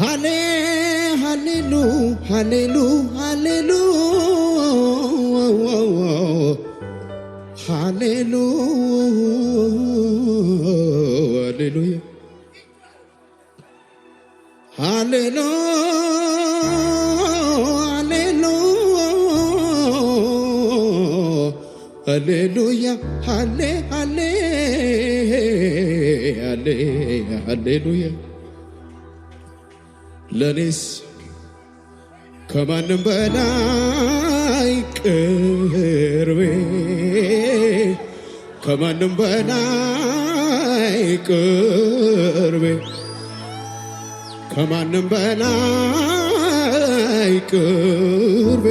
ሃሌ ሃሌሉ ሃሌሉ ሃሌሉ ሃሌሉ ሃሌሉያ ሃሌሉ ሃሌሉ ሃሌሉያ ሃሌ ሃሌ ሃሌ ሃሌሉያ ለኔስ ከማንም በላይ ቅርቤ ከማንም በላይ ቅርቤ ከማንም በላይ ቅርቤ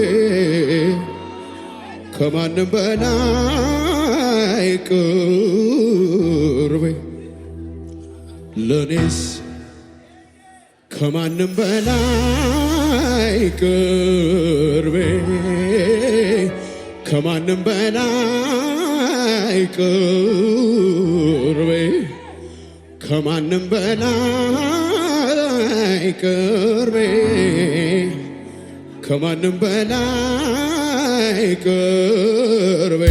ከማንም በላይ ቅርቤ ለኔስ ከማንም በላይ ቅርቤ ከማንም በላይ ቅርቤ ከማንም በላይ ቅርቤ ከማንም በላይ ቅርቤ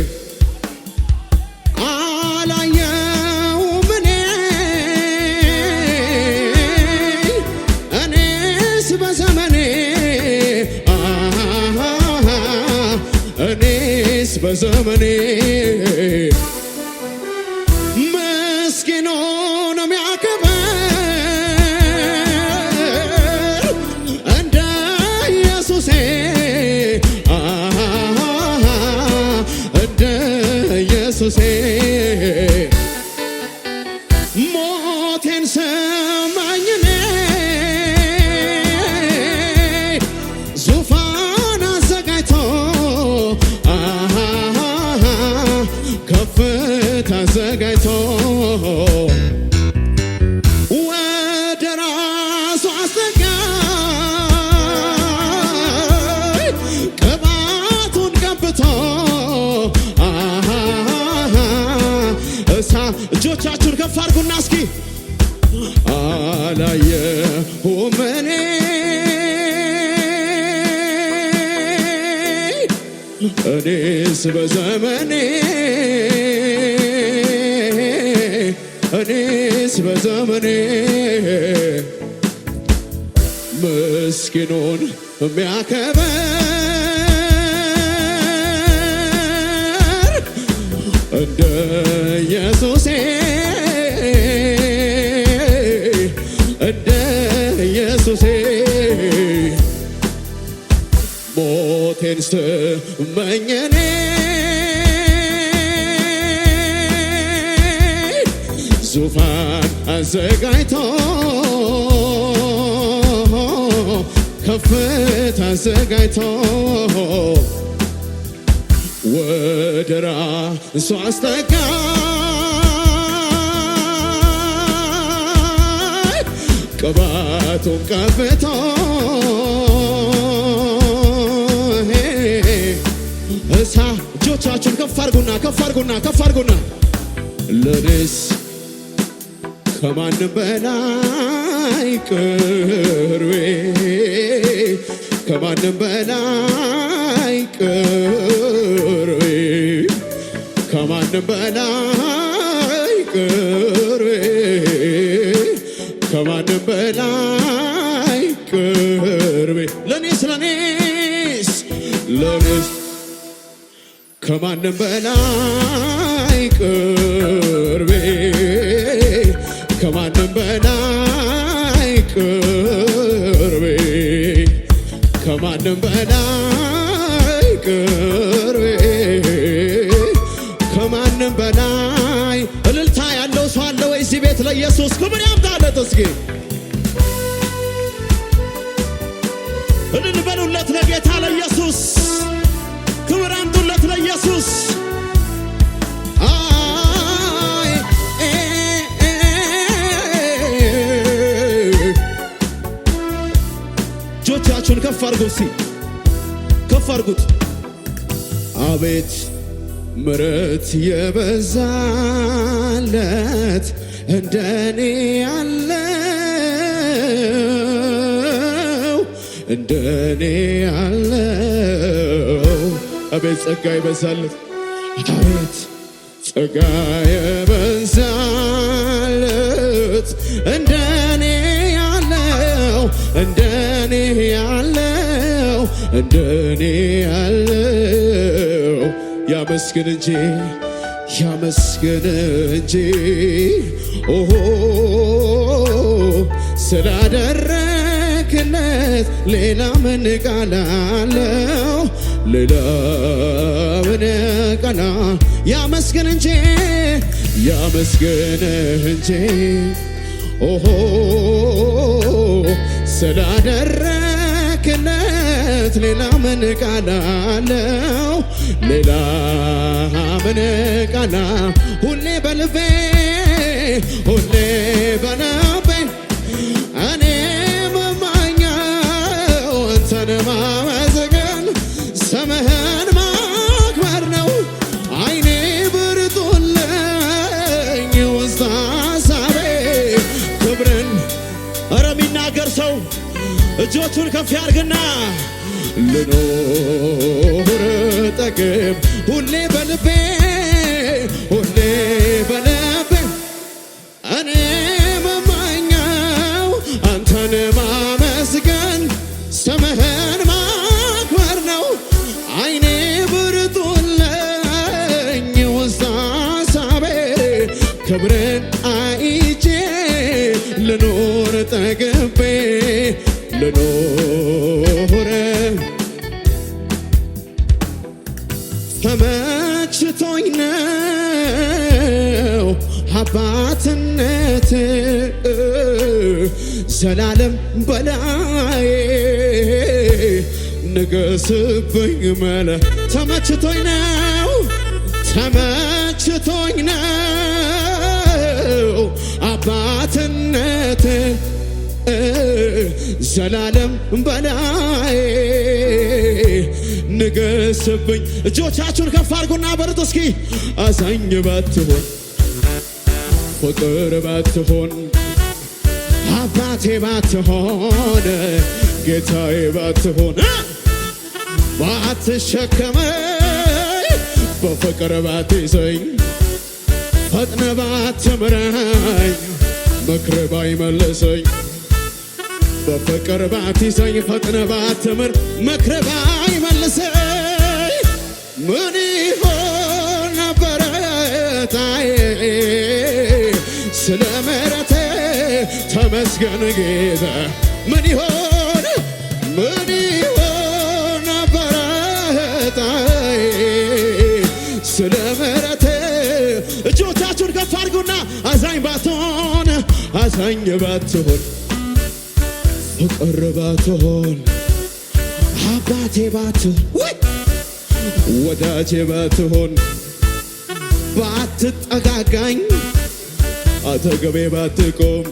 pas à venir. ሆመኔ እኔስ በዘመኔ እኔስ በዘመኔ ምስኪኑን የሚያከበር እንደ ኢየሱሴ እንደ ኢየሱሴ ሞቴን ዙፋን አዘጋጅቶ ከፍታ አዘጋጅቶ አስጠጋ ቅባቱን ቀብቶ እሳ እጆቻችን ከፍ አርጉና ከፍ አርጉና ከፍ አርጉና ለኔስ ከማንም በላይ ቅርቤ ከማንም በላይ ቅርቤ ከማንም በላይ ቅርቤ ከማንም በላይ ቅርቤ ለኔስ ለኔስ ለኔስ ከማንም በላይ ቅርቤ ከማንም በላይ ቅርቤ ከማንም በላይ ቅርቤ ከማንም በላይ እልልታ ያለው ሰው አለ ወይ እዚህ ቤት ለኢየሱስ ክብር በሉለት እስኪ እልል በሉለት ለጌታ ለኢየሱስ ክብር አምጡለት ለኢየሱስ እጆቻችሁን ከፍ አድርጉት እስኪ ከፍ አድርጉት አቤት ምረት የበዛለት እንደኔ ያለ እንደኔ ያለው አቤት ጸጋ ይበዛለት፣ አቤት ጸጋ ይበዛለት፣ እንደኔ ያለው እንደኔ ያለው እንደኔ ያለው ያመስግን እንጂ ያመስግን እንጂ ኦሆ ስላደረ ገነት ሌላ ምን ቃላለው? ሌላ ምን ቃላ ያመስገን እንጂ ያመስገን እንጂ ኦሆ ስላደረክለት ሌላ ምን ቃላለው? ሌላ ምን ቃላ ሁሌ በልቤ ሁሌ በና እጆቹን ከፍ ያርግና ልኖር ጠግብ ሁሌ በልቤ ሁሌ በልቤ እኔ መማኛው አንተን ማመስገን ስምህን ማክበር ነው። አይኔ ብርቱለኝ ውስጥ ሀሳቤ ክብርን አይቼ ልኖር ጠግብ ልኖረ ተመችቶኝ ነው አባትነት ዘላለም በላይ ንገስብኝ መለ ተመችቶኝ ነው ተመችቶኝ ነው አባትነት ዘላለም በላይ ንገስብኝ። እጆቻችሁን ከፍ አድርጉና በርቱ እስኪ አዛኝ ባትሆን ፍቅር ባትሆን አባቴ ባትሆን ጌታዬ ባትሆን ባትሸከመኝ በፍቅር ባትይዘኝ ፈጥነ ባትምራኝ ምክር ባይመልሰኝ በፍቅር ባትይዘኝ ፈጥነ ባትምር መክረ ባይመልሰኝ ምን ይሆን ነበረ ታዬ ስለ ምሕረቴ ተመስገን ጌታ ምን ይሆን ምን ይሆን ነበረ ታዬ ስለ ምሕረቴ እጆቻችሁን ከፍ አድርጉና አዛኝ ባትሆን አዛኝ ባትሆን ፍቅር ባትሆን አባቴ ባትሆን ወዳጄ ባትሆን ባትጠጋጋኝ አጠገቤ ባትቆም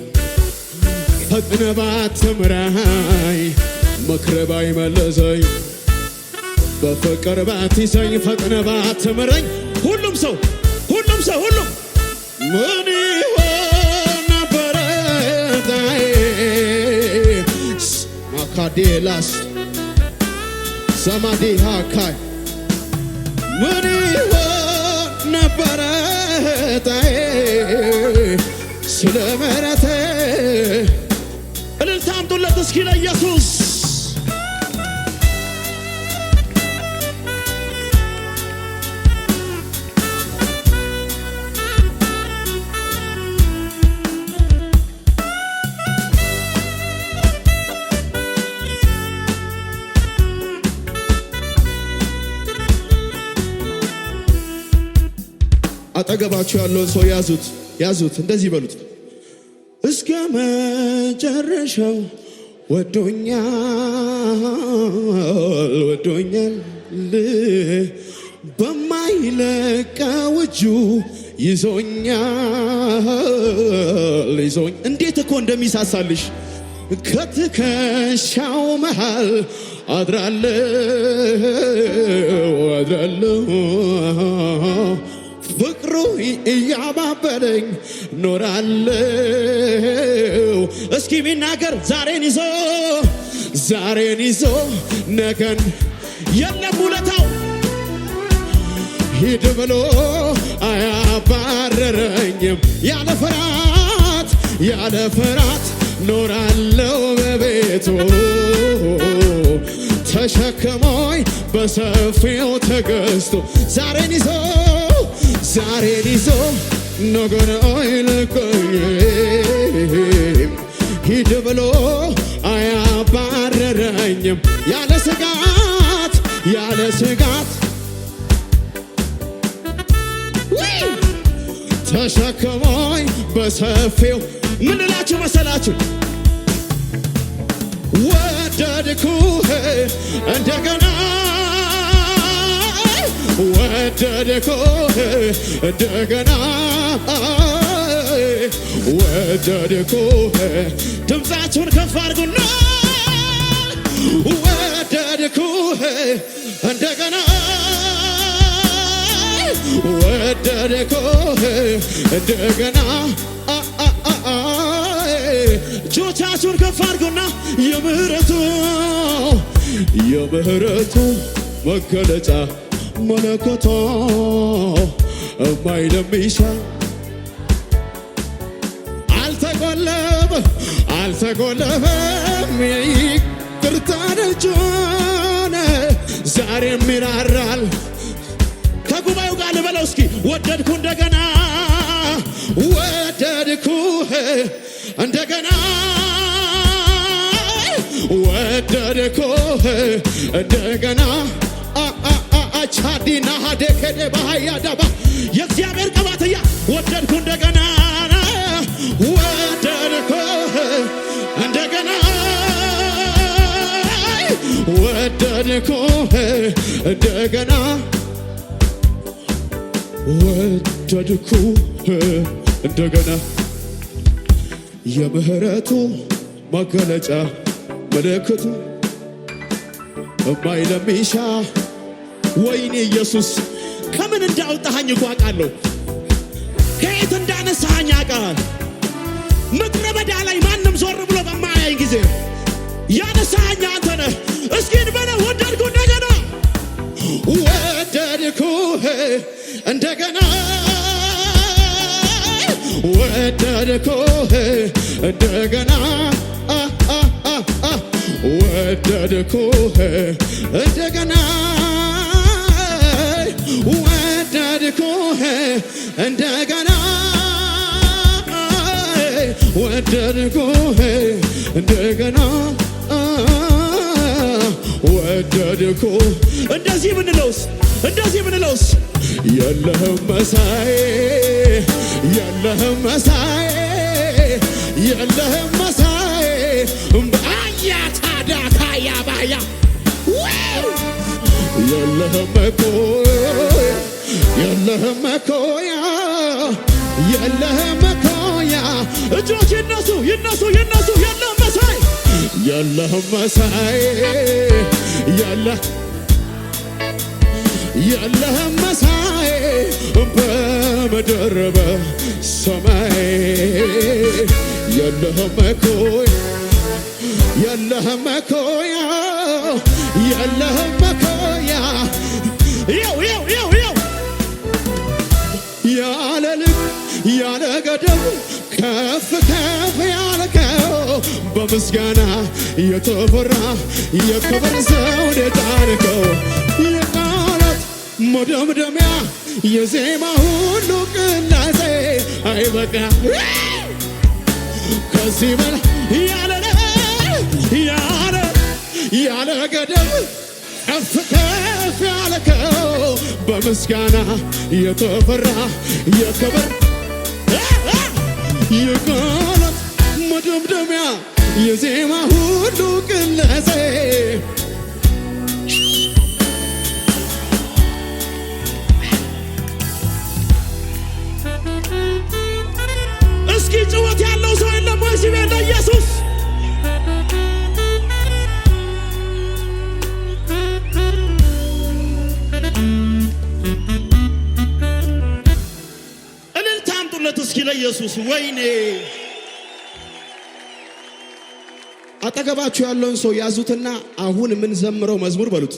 ፈጥነ ባትምራኝ መክረ ባይመለሰኝ በፍቅር ባትይዘኝ ፈጥነ ባትምረኝ ሁሉም ሰው ሁሉም ሰው ሁሉም ምን ይሆን ነበረ ካዴላስ ሰማዲ ሃካይ ምን ይሆን ነበረ ጣዬ ስለ ምሕረቴ እልልታ አምጡለት እስኪ ለኢየሱስ አጠገባችሁ ያለውን ሰው ያዙት፣ ያዙት፣ እንደዚህ በሉት እስከ መጨረሻው ወዶኛል፣ ወዶኛል በማይለቀው እጁ ይዞኛል፣ ይዞኝ እንዴት እኮ እንደሚሳሳልሽ ከትከሻው መሃል አድራለሁ አድራለሁ ፍቅሩ እያባበለኝ ኖራለው። እስኪ ሚናገር ዛሬን ይዞ ዛሬን ይዞ ነገን የለም ውለታው ሂድ ብሎ አያባረረኝም። ያለ ፍራት ያለ ፍራት ኖራለው በቤቱ ተሸክሞኝ በሰፊው ተገዝቶ ዛሬን ይዞ ዛሬን ይዞ ነገን አይለቀኝም፣ ሂድ ብሎ አያባረረኝም። ያለ ስጋት ያለ ስጋት ተሸክሞኝ በሰፊው ምንላችሁ መሰላችሁ ወደድኩህ እንደገና ወደድኩህ እንደገና ወደድኩህ ድምፃችሁን ከፍ አድርጉና ወደድኩህ እንደገና ወደድኩህ እንደገና እጆቻችሁን ከፍ አድርጉና የምህረቱ የምህረቱ መገለጫ መለከቷ እማይለም ይሻ አልተቆለፈ ይቅርታ ደጅ ሆነ ዛሬም ይራራል። ከጉባኤው ጋር ልበለው እስኪ ወደድኩ እንደገና ወደድኩ እንደገና ወደድኩህ እንደገና ቻዲና ሀደ ከደ ባህያ ዳባ የእግዚአብሔር ቀባትያ ወደድኩ እንደገና ወደድኩ እንደገና ወደድኩ እንደገና ወደድኩ እንደገና የምህረቱ መገለጫ ምልክቱ እማይ ለሚሻ ወይኔ ኢየሱስ ከምን እንዳወጣሃኝ እኮ አውቃለሁ። ከየት እንዳነሳሃኝ አውቃል። ምድረ በዳ ላይ ማንም ዞር ብሎ በማያይ ጊዜ ያነሳሃኝ አንተ ነህ። እስኪን በለ ወደድኩ እንደገና ወደድኩ እንደገና ወደድኩ እንደገና ወደድኩ እንደገና ወደድኩህ እንደገና ወደድኩህ እንደገና ወደድኩህ እንደዚህ እንደዚህ የለህም የለህም የለህም በአያ ባያ የለህም የለህም መኮያ የለህም መኮያ እጆች ይነሱ ይነሱ ይነሱ የለህም መሳይ የለህም መሳይ የለህም መሳይ በምድር በሰማይ የለህም መኮያ የለህም መኮያ የለህም መኮያ ያለ ገደብ ከፍ ከፍ ያልከው በምስጋና የተፈራ የክብር ዘውድ የጣልከው የቃላት መደምደሚያ የዜማ ሁሉ ቅላሴ አይበቃ ከዚህ በላ ያለ ያለ ያለ ገደብ ከፍ ከፍ ያልከው በምስጋና የተፈራ የክብር የቃላት መደምደሚያ የዜማ ሁሉ ቅላጼ እስኪ ጭወት ያለው ሰው የለም ወይ ሲቤ እንደ እስኪ ለኢየሱስ ወይኔ! አጠገባችሁ ያለውን ሰው ያዙትና አሁን የምንዘምረው መዝሙር በሉት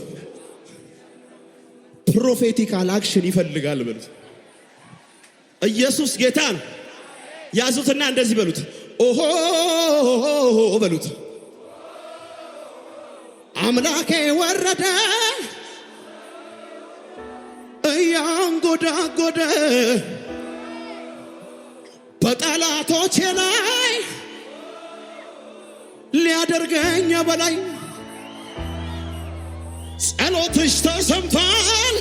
ፕሮፌቲካል አክሽን ይፈልጋል በሉት። ኢየሱስ ነው ያዙትና እንደዚህ በሉት፣ ኦሆ በሉት። አምላኬ ወረደ እያንጎዳጎደ በጠላቶቼ ላይ ሊያደርገኝ በላይ ጸሎትሽ ተሰምቷል።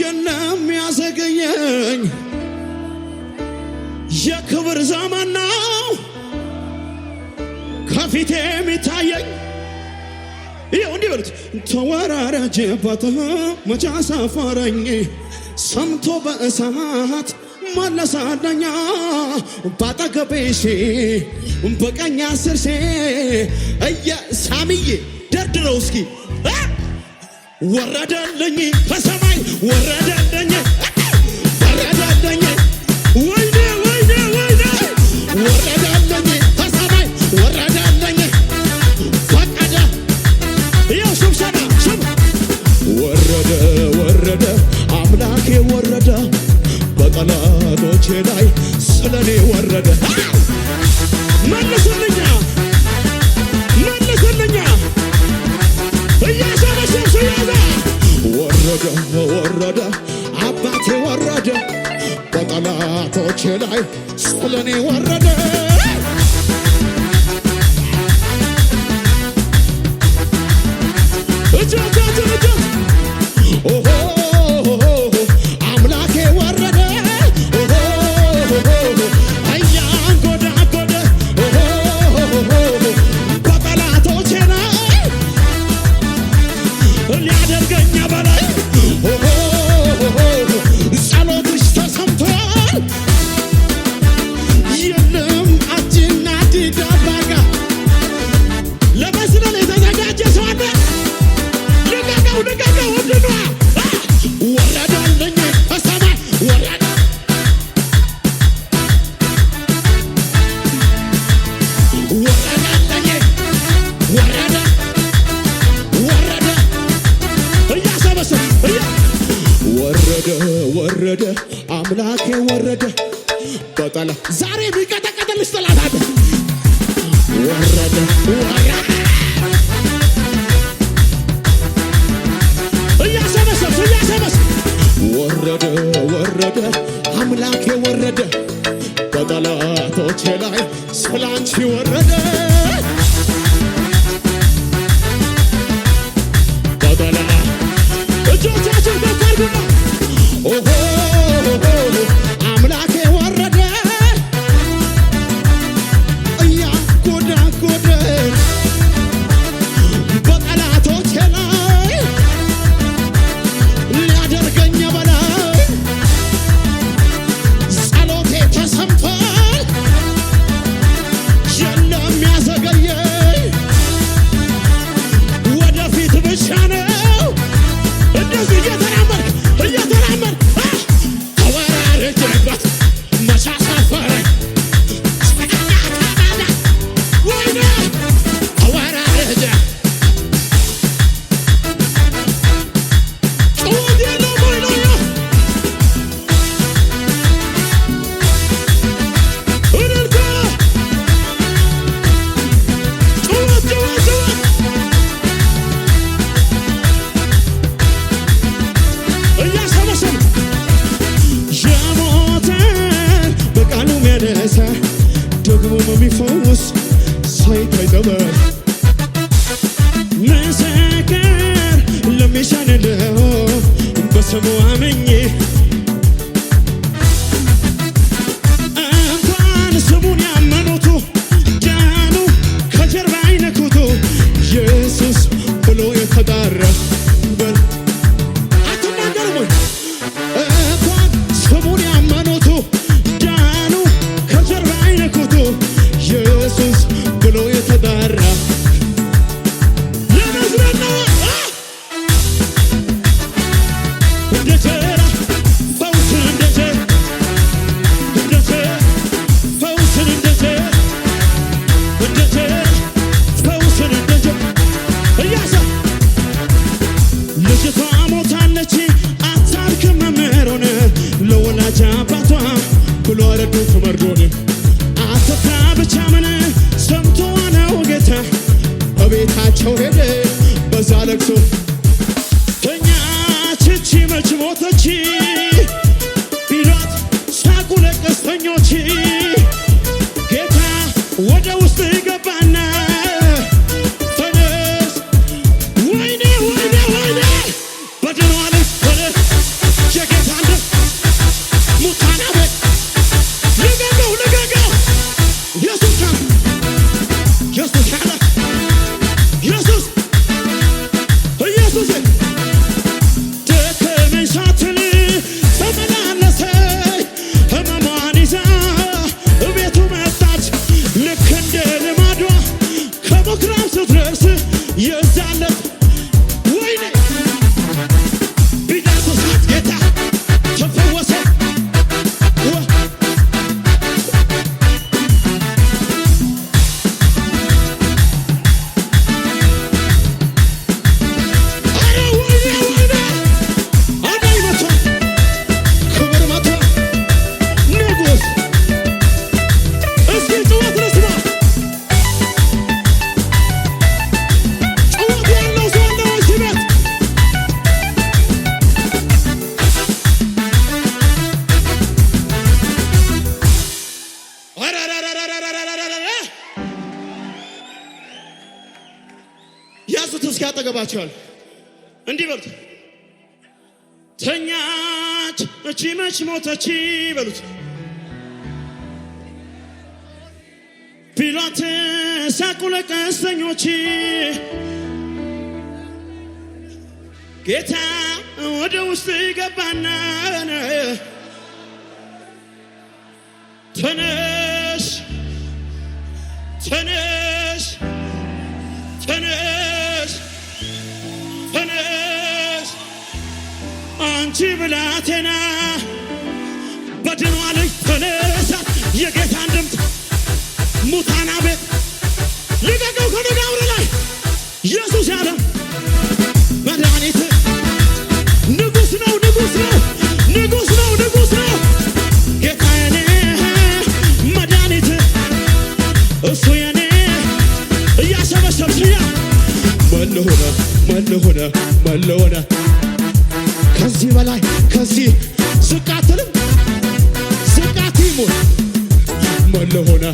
የለም ያዘገየኝ የክብር ዘመን ነው ከፊቴ የሚታየኝ ይኸው እንዲህ በሉት። መቻ ሰምቶ በእሳት እመለሳለሁ ባጠገብሽ በቀኝ ስርሽ እየ ሳምዬ ደርድረው እስኪ ወረደልኝ ከሰማይ ወረደልኝ ወረደልኝ ወይኔ ወይኔ ወይኔ ወረደ በጠላቶቼ ላይ ስለኔ ወረደ። መለሰልኛ መለሰልኛ ያዘ ወረደ ወረደ አባቴ ወረደ በጠላቶቼ ላይ ስለኔ ወረደ። እጃቻችን እጃ ver እላቸዋል። እንዲህ በሉት፣ ተኛች እቺ መች ሞተች በሉት ቢሏት ሳቁ ለቀስተኞች ጌታ ወደ ውስጥ ገባና ተነሽ ተነሽ ተነሽ አንቺ ብላቴና በድኗ ላይ ተነሳ የጌታን ድምፅ ሙታና ቤት ልቀቀው ከመቃብር ላይ ኢየሱስ ያለ መድኃኒት ንጉሥ ነው ንጉሥ ነው ንጉሥ ነው ንጉሥ ነው ጌታ የኔ መድኃኒት እሱ የኔ እያሸበሸብሽያ መለሆነ መለሆነ መለሆነ ከዚህ ዝቅ አትልም። ዝቅ አትይሙን መለሆነ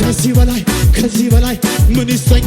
ከዚህ በላይ ከዚህ በላይ ምን ይሰኝ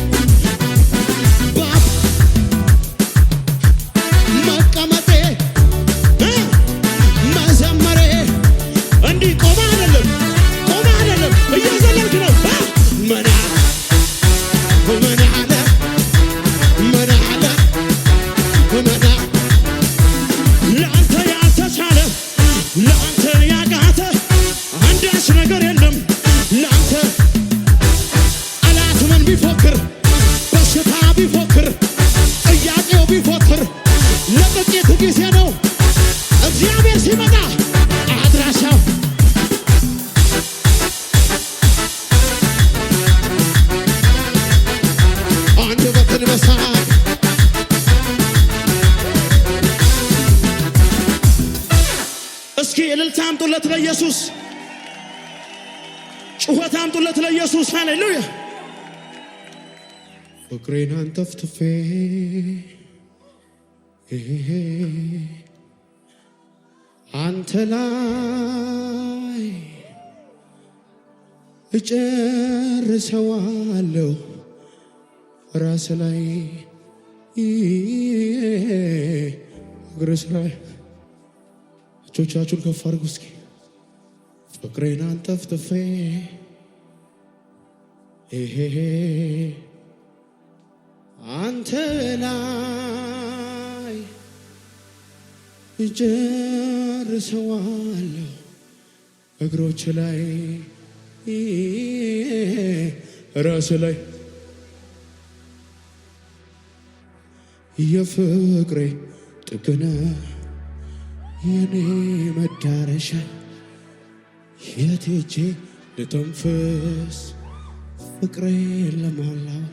አንተ ላይ እጨርሰዋለሁ ራስ ላይ እግር ስራ እጆቻችሁን ከፍ አድርጉ እስኪ ፍቅሬን አንጠፍጥፌ አንተ ላይ እጨርሰዋለሁ እግሮች ላይ ራስ ላይ የፍቅሬ ጥግነ የኔ መዳረሻ የት ልተንፍስ ፍቅሬ ለማላው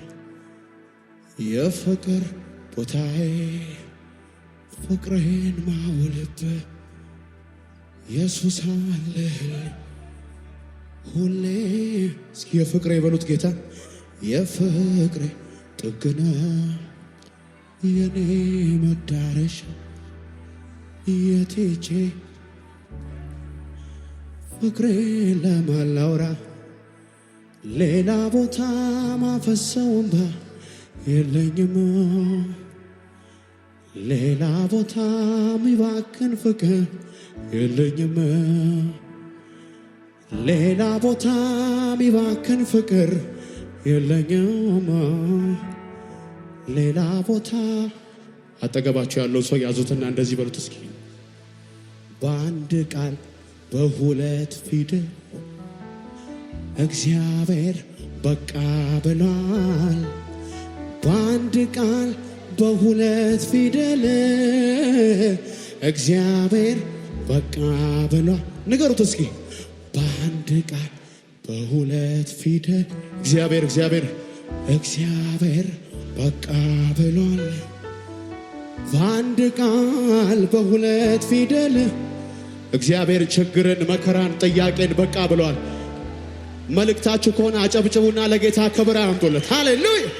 የፍቅር ቦታዬ ፍቅርህን ማወለበ ኢየሱስ አለህን ሁሌ እስኪ የፍቅሬ የበሉት ጌታ የፍቅሬ ጥግና የኔ መዳረሻ የቴቼ ፍቅሬ ለማላውራ ሌላ ቦታ ማፈሰውንባ የለኝም ሌላ ቦታ ሚባክን ፍቅር የለኝም። ሌላ ቦታ ሚባክን ፍቅር የለኝም። ሌላ ቦታ አጠገባቸው ያለው ሰው ያዙትና እንደዚህ በሉት እስኪ በአንድ ቃል በሁለት ፊደል እግዚአብሔር በቃ ብሏል። በአንድ ቃል በሁለት ፊደል እግዚአብሔር በቃ ብሏል። ንገሩት እስኪ በአንድ ቃል በሁለት ፊደል እግዚአብሔር እግዚአብሔር እግዚአብሔር በቃ ብሏል። በአንድ ቃል በሁለት ፊደል እግዚአብሔር ችግርን፣ መከራን፣ ጥያቄን በቃ ብሏል። መልእክታችሁ ከሆነ አጨብጭቡና ለጌታ ክብር አምጡለት። ሃሌሉያ